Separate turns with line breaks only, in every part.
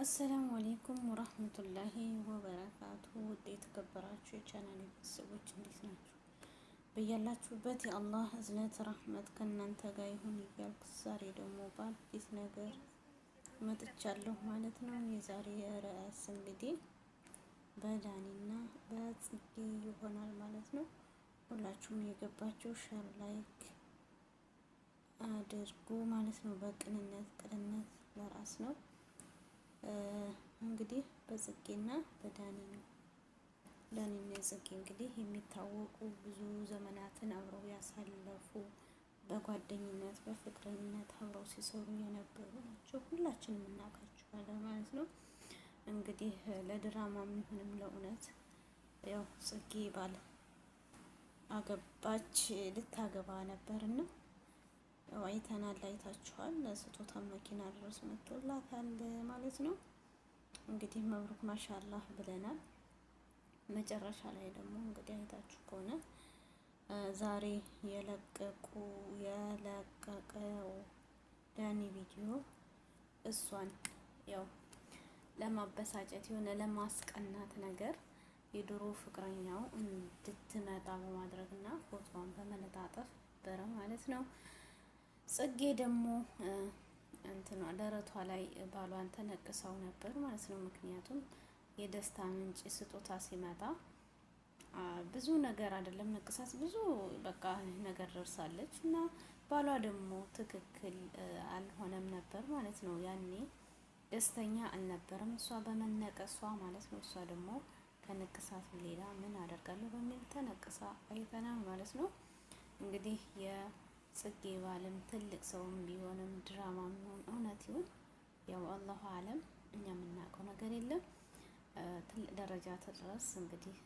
አሰላሙ አሌይኩም ወራህመቱላሂ ወበረካቱ። ውድ የተከበራችሁ የቻናል ቤተሰቦች እንዴት ናችሁ? በያላችሁበት የአላህ እዝነት ረህመት ከእናንተ ጋር ይሁን እያልኩ ዛሬ ደግሞ በአዲስ ነገር መጥቻለሁ ማለት ነው። የዛሬ ርዕስ እንግዲህ በዳኒና በጽጌ ይሆናል ማለት ነው። ሁላችሁም የገባችሁ ሸር ላይክ አድርጉ ማለት ነው። በቅንነት ቅንነት ለራስ ነው። እንግዲህ በጽጌና በዳኒ ነው። ዳኒና ጽጌ እንግዲህ የሚታወቁ ብዙ ዘመናትን አብረው ያሳለፉ በጓደኝነት በፍቅረኝነት አብረው ሲሰሩ የነበሩ ናቸው። ሁላችንም እናውቃቸዋለን ማለት ነው። እንግዲህ ለድራማ የሚሆንም ለእውነት ያው ጽጌ ባል አገባች ልታገባ ነበርና አይተናል፣ አይታችኋል። ስጦታ መኪና ድረስ መጥቶላታል ማለት ነው። እንግዲህ መብሩክ ማሻላህ ብለናል። መጨረሻ ላይ ደግሞ እንግዲህ አይታችሁ ከሆነ ዛሬ የለቀቁ የለቀቀው ዳኒ ቪዲዮ እሷን ያው ለማበሳጨት የሆነ ለማስቀናት ነገር የድሮ ፍቅረኛው እንድትመጣ በማድረግና ፎቶዋን በመለጣጠፍ ነበረ ማለት ነው። ጽጌ ደግሞ እንትኗ ደረቷ ላይ ባሏን ተነቅሰው ነበር ማለት ነው። ምክንያቱም የደስታ ምንጭ ስጦታ ሲመጣ ብዙ ነገር አይደለም ንቅሳት፣ ብዙ በቃ ነገር ደርሳለች እና ባሏ ደግሞ ትክክል አልሆነም ነበር ማለት ነው። ያኔ ደስተኛ አልነበርም እሷ በመነቀሷ ማለት ነው። እሷ ደግሞ ከንቅሳት ሌላ ምን አደርጋለሁ በሚል ተነቅሳ አይተናል ማለት ነው እንግዲህ ጽጌ ባልም ትልቅ ሰውም ቢሆንም ድራማ የሚሆን እውነት ይሁን ያው አላሁ አለም፣ እኛ የምናውቀው ነገር የለም። ትልቅ ደረጃ ተድረስ እንግዲህ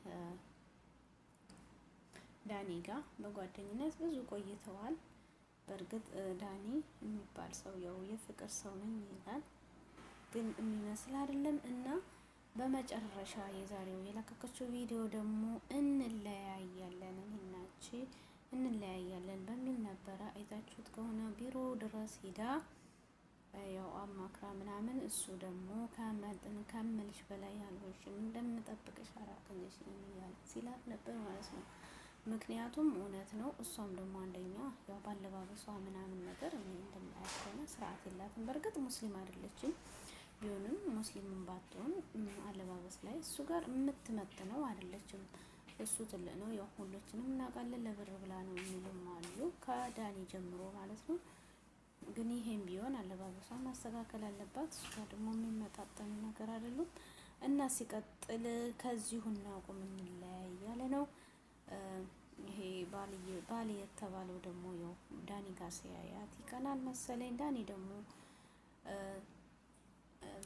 ዳኒ ጋር በጓደኝነት ብዙ ቆይተዋል። በእርግጥ ዳኒ የሚባል ሰው ያው የፍቅር ሰው ነኝ ይላል፣ ግን የሚመስል አይደለም እና በመጨረሻ የዛሬው የለቀቀችው ቪዲዮ ደግሞ እንለያያለን እንለያያለን በሚል ነበረ። አይታችሁት ከሆነ ቢሮ ድረስ ሂዳ ያው አማክራ ምናምን እሱ ደግሞ ከመጥን ከምልሽ በላይ አልሆንሽም እንደምጠብቅሽ አላገኘሽም እያለ ሲላት ነበር ማለት ነው። ምክንያቱም እውነት ነው። እሷም ደግሞ አንደኛ ያው ባለባበሷ ምናምን ነገር እኔ ከሆነ ስርዓት የላትም። በእርግጥ ሙስሊም አይደለችም። ቢሆንም ሙስሊምም ባትሆን አለባበስ ላይ እሱ ጋር የምትመጥነው አይደለችም። እሱ ትልቅ ነው። ያው ሁሎችንም እናውቃለን። ለብር ብላ ነው የሚሉም አሉ ከዳኒ ጀምሮ ማለት ነው። ግን ይሄም ቢሆን አለባበሷ ማስተካከል አለባት። እሷ ደግሞ የሚመጣጠን ነገር አይደሉም እና ሲቀጥል ከዚሁ እናቁም እንለያይ ያለ ነው። ይሄ ባሌ የተባለው ደግሞ ያው ዳኒ ጋር ሲያያት ይቀናል መሰለኝ። ዳኒ ደግሞ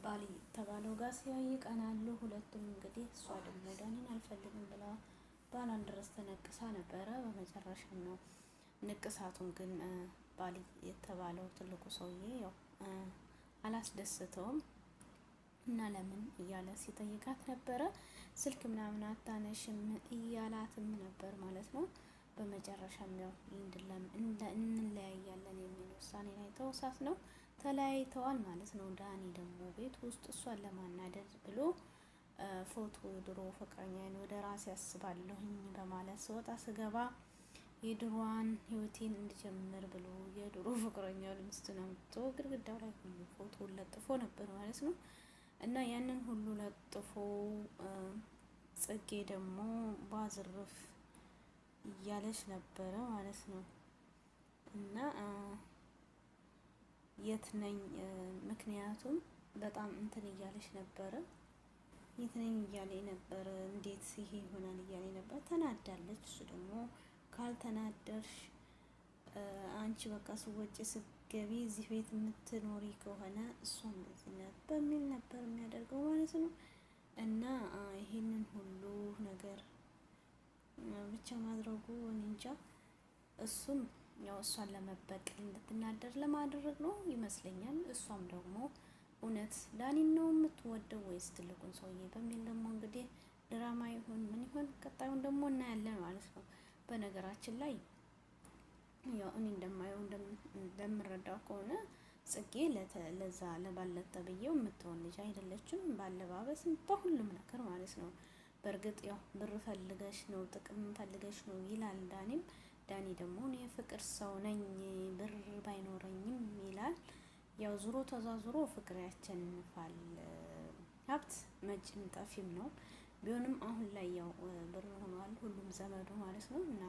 ባሌ የተባለው ጋር ሲያይ ይቀናሉ። ሁለቱም እንግዲህ እሷ ደግሞ ዳኒን አልፈልግም ብለዋል። ባሏን ድረስ ተነቅሳ ነበረ። በመጨረሻም ነው ንቅሳቱን ግን ባል የተባለው ትልቁ ሰውዬ ያው አላስደስተውም እና ለምን እያለ ሲጠይቃት ነበረ። ስልክ ምናምን አታነሽም እያላትም ነበር ማለት ነው። በመጨረሻም ያው እንለያያለን የሚል ውሳኔ ላይ ተወሳት ነው ተለያይተዋል ማለት ነው። ዳኒ ደግሞ ቤት ውስጥ እሷን ለማናደድ ብሎ ፎቶ ድሮ ፍቅረኛዬን ወደ ራሴ ያስባለሁኝ በማለት ስወጣ ስገባ የድሮዋን ህይወቴን እንድጀምር ብሎ የድሮ ፍቅረኛውን ሚስቱን አምጥቶ ግድግዳው ላይ ሁሉ ፎቶውን ለጥፎ ነበር ማለት ነው። እና ያንን ሁሉ ለጥፎ ጽጌ ደግሞ ባዝርፍ እያለች ነበረ ማለት ነው። እና የት ነኝ ምክንያቱም በጣም እንትን እያለች ነበረ የት ነኝ እያለ ነበር። እንዴት ይሄ ይሆናል እያለ ነበር። ተናዳለች። እሱ ደግሞ ካልተናደርሽ አንቺ በቃ ስወጪ ስገቢ እዚህ ቤት የምትኖሪ ከሆነ እሷ እንደዚህ ነው በሚል ነበር የሚያደርገው ማለት ነው። እና ይሄንን ሁሉ ነገር ብቻ ማድረጉ እንጃ። እሱም ያው እሷን ለመበቀል እንድትናደር ለማድረግ ነው ይመስለኛል። እሷም ደግሞ እውነት ዳኒን ነው የምትወደው ወይስ ትልቁን ሰውዬ በሚል ደግሞ እንግዲህ ድራማ ይሁን ምን ይሁን ቀጣዩን ደግሞ እናያለን ማለት ነው። በነገራችን ላይ ያው እኔ እንደማየው እንደምረዳው ከሆነ ጽጌ ለዛ ለባለጠ ብዬው የምትሆን ልጅ አይደለችም፣ ባለባበስም በሁሉም ነገር ማለት ነው። በእርግጥ ያው ብር ፈልገሽ ነው ጥቅም ፈልገሽ ነው ይላል ዳኒም። ዳኒ ደግሞ እኔ የፍቅር ሰው ነኝ ብር ባይኖረኝም ይላል። ያው ዙሮ ተዛዙሮ ፍቅር ያቸንፋል። ሀብት መጭም ጠፊም ነው። ቢሆንም አሁን ላይ ያው ብር ሆኗል ሁሉም ዘመዱ ማለት ነው። እና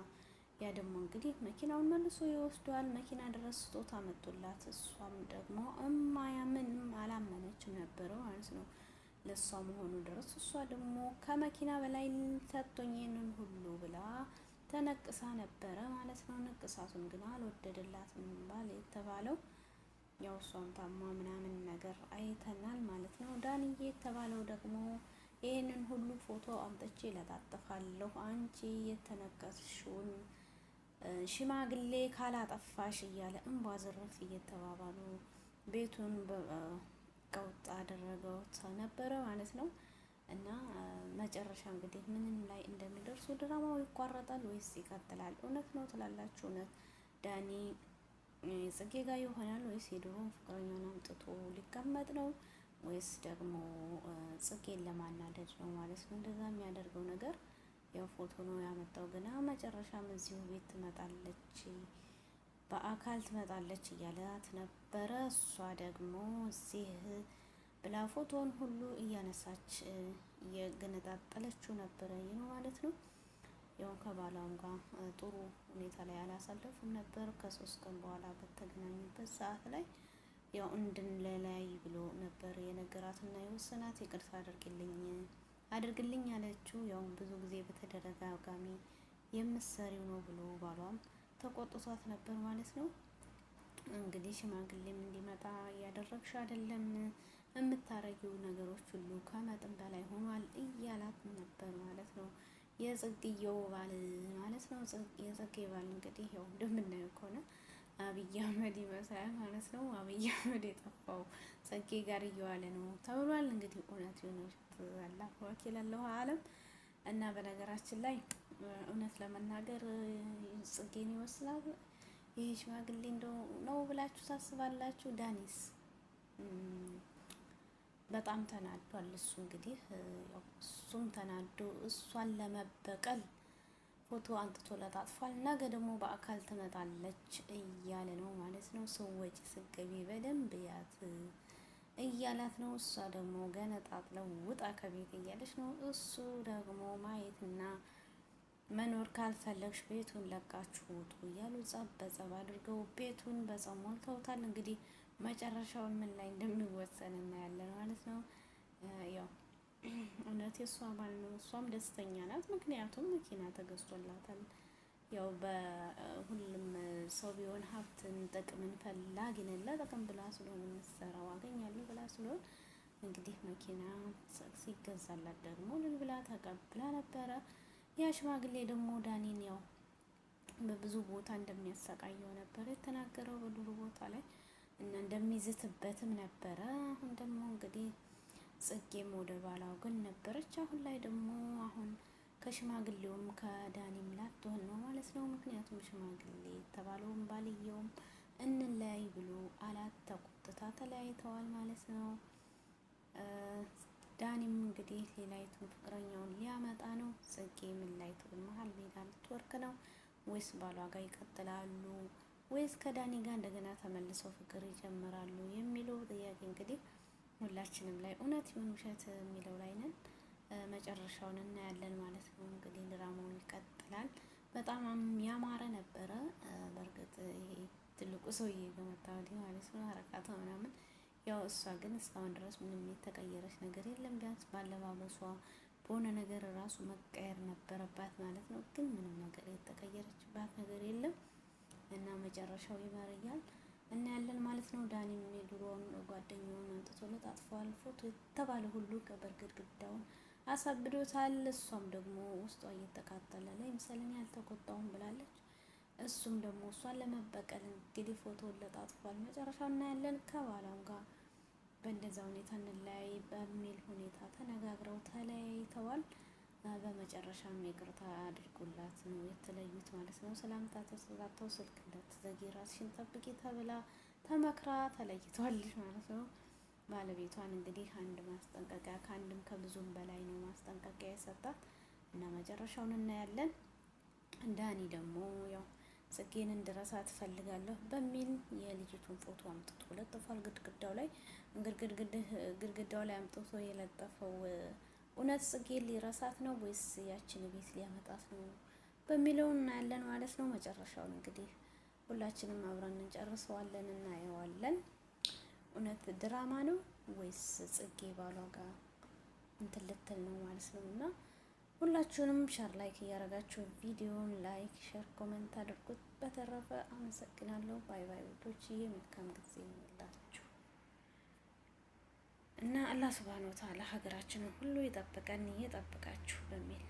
ያ ደግሞ እንግዲህ መኪናውን መልሶ ይወስደዋል። መኪና ድረስ ስጦታ መጡላት። እሷም ደግሞ እማያምንም አላመነችም ነበረ ማለት ነው ለእሷ መሆኑ ድረስ እሷ ደግሞ ከመኪና በላይ ሰጥቶኝ ይህንን ሁሉ ብላ ተነቅሳ ነበረ ማለት ነው። ንቅሳቱን ግን አልወደደላትም ባል የተባለው ያው እሷም ታማ ምናምን ነገር አይተናል ማለት ነው። ዳንዬ የተባለው ደግሞ ይህንን ሁሉ ፎቶ አምጥቼ ለጣጥፋለሁ አንቺ የተነቀስሽውን ሽማግሌ ካላጠፋሽ እያለ እንቧ ዝርፍ እየተባባሉ ቤቱን ቀውጥ አደረገው ነበረ ማለት ነው። እና መጨረሻ እንግዲህ ምንም ላይ እንደሚደርሱ ድራማው ይቋረጣል ወይስ ይቀጥላል? እውነት ነው ትላላችሁ? እውነት ዳኒ ጽጌ ጋር ይሆናል ወይስ የድሮውን ፍቅረኛውን አምጥቶ ሊቀመጥ ነው ወይስ ደግሞ ጽጌን ለማናደድ ነው ማለት ነው። እንደዛ የሚያደርገው ነገር ያው ፎቶ ነው ያመጣው። ግና መጨረሻም እዚሁ ቤት ትመጣለች፣ በአካል ትመጣለች እያላት ነበረ። እሷ ደግሞ እዚህ ብላ ፎቶን ሁሉ እያነሳች እየገነጣጠለችው ነበረ ነው ማለት ነው። ያው ከባሏም ጋር ጥሩ ሁኔታ ላይ አላሳለፉም ነበር። ከሶስት ቀን በኋላ በተገናኙበት ሰዓት ላይ ያው እንድንለያይ ብሎ ነበር የነገራትና የወሰናት። ይቅርታ አድርግልኝ አድርግልኝ ያለችው ያው ብዙ ጊዜ በተደጋጋሚ የምሰሪው ነው ብሎ ባሏም ተቆጥቷት ነበር ማለት ነው። እንግዲህ ሽማግሌም እንዲመጣ እያደረግሽ አይደለም የምታረጊው ነገሮች ሁሉ ከመጠን በላይ ሆኗል እያላት ነበር ማለት ነው። የጽግየው ባል ማለት ነው። የጽጌ ባል እንግዲህ ያው እንደምናየው ከሆነ አብይ አህመድ ይመስላል ማለት ነው። አብይ አህመድ የጠፋው ጸጌ ጋር እየዋለ ነው ተብሏል። እንግዲህ እውነት የሆነችት አላ ወኪል አለው አለም እና በነገራችን ላይ እውነት ለመናገር ጽጌን ይመስላል ይህ ሽማግሌ እንደው ነው ብላችሁ ታስባላችሁ? ዳኒስ በጣም ተናዷል። እሱ እንግዲህ እሱም ተናዶ እሷን ለመበቀል ፎቶ አንጥቶ ለጣጥፏል። ነገ ደግሞ በአካል ትመጣለች እያለ ነው ማለት ነው። ሰዎች ስገቢ በደንብ ያት እያላት ነው። እሷ ደግሞ ገነጣጥለው ውጣ ከቤት እያለች ነው። እሱ ደግሞ ማየትና መኖር ካልፈለግሽ ቤቱን ለቃችሁ ውጡ እያሉ ጸብ በጸብ አድርገው ቤቱን በጸብ ሞልተውታል እንግዲህ መጨረሻውን ምን ላይ እንደሚወሰን እናያለን ማለት ነው። ያው እውነት የእሷ ባል ነው። እሷም ደስተኛ ናት፣ ምክንያቱም መኪና ተገዝቶላታል። ያው በሁሉም ሰው ቢሆን ሀብትን፣ ጥቅምን ፈላጊነን ለጥቅም ብላ ስለሆነ የምትሰራው አገኛለሁ ብላ ስለሆን እንግዲህ መኪና ሲገዛላት ደግሞ ልን ብላ ተቀብላ ነበረ። ያ ሽማግሌ ደግሞ ዳኒን ያው በብዙ ቦታ እንደሚያሰቃየው ነበር የተናገረው በዱሩ ቦታ ላይ እና እንደሚዝትበትም ነበረ። አሁን ደግሞ እንግዲህ ጽጌም ወደ ባላው ግን ነበረች። አሁን ላይ ደግሞ አሁን ከሽማግሌውም ከዳኒም ላትሆን ነው ማለት ነው። ምክንያቱም ሽማግሌ የተባለውም ባልየውም እንለያይ ብሎ አላት። ተቆጥታ ተለያይተዋል ማለት ነው። ዳኒም እንግዲህ ሌላይቱን ፍቅረኛውን ሊያመጣ ነው። ጽጌ ምን ላይ ትሆን? መሀል ሜዳ ልትወርቅ ነው ወይስ ባሏ ጋር ይቀጥላሉ? ወይስ ከዳኒ ጋር እንደገና ተመልሰው ፍቅር ይጀምራሉ የሚለው ጥያቄ እንግዲህ ሁላችንም ላይ እውነት ይሁን ውሸት የሚለው ላይ ነን። መጨረሻውን እናያለን ማለት ነው። እንግዲህ ድራማው ይቀጥላል። በጣም ያማረ ነበረ። በእርግጥ ይሄ ትልቁ ሰውዬ በመታወዲ ማለት ነው አረቃቶ ምናምን ያው እሷ ግን እስካሁን ድረስ ምንም የተቀየረች ነገር የለም። ቢያንስ ባለባበሷ በሆነ ነገር ራሱ መቀየር ነበረባት ማለት ነው። ግን ምንም ነገር የተቀየረችባት ነገር የለም። እና መጨረሻው ይመር እያል እና ያለን ማለት ነው። ዳኒም የድሮውን ጓደኛውን አምጥቶለት አጥፏል። ፎቶ የተባለ ሁሉ ቀበር ግድግዳውን አሳብዶታል። እሷም ደግሞ ውስጧ እየተቃጠለ ላይ ምሳሌን ያልተቆጣውም ብላለች። እሱም ደግሞ እሷን ለመበቀል እንግዲህ ፎቶ ለጣጥፏል። መጨረሻው እናያለን። ከባሏም ጋር በእንደዛ ሁኔታ እንለያይ በሚል ሁኔታ ተነጋግረው ተለያይተዋል። በመጨረሻም ይቅርታ አድርጎላት ነው የተለዩት ማለት ነው። ሰላምታ ተሰጣተው ስልክ እንዳትዘጊ ራስሽን ጠብቂ ተብላ ተመክራ ተለይቷልሽ ማለት ነው። ባለቤቷን እንግዲህ አንድ ማስጠንቀቂያ ከአንድም ከብዙም በላይ ነው ማስጠንቀቂያ የሰጣት እና መጨረሻውን እናያለን። ዳኒ ደግሞ ያው ጽጌን እንድረሳ ትፈልጋለሁ በሚል የልጅቱን ፎቶ አምጥቶ ለጥፏል። ግድግዳው ላይ ግድግዳው ላይ አምጥቶ የለጠፈው እውነት ጽጌ ሊረሳት ነው ወይስ ያችን ቤት ሊያመጣት ነው በሚለው እናያለን ማለት ነው። መጨረሻውን እንግዲህ ሁላችንም አብረን እንጨርሰዋለን፣ እናየዋለን። እውነት ድራማ ነው ወይስ ጽጌ ባሏ ጋር እንትን ልትል ነው ማለት ነው። እና ሁላችሁንም ሸር ላይክ እያደረጋችሁ ቪዲዮን ላይክ፣ ሸር፣ ኮመንት አድርጉት። በተረፈ አመሰግናለሁ። ባይ ባይ ውዶች፣ መልካም ጊዜ ይመጣል። እና አላህ ስብሃነ ወተዓላ ሀገራችንን ሁሉ ይጠብቀን ይጠብቃችሁ በሚል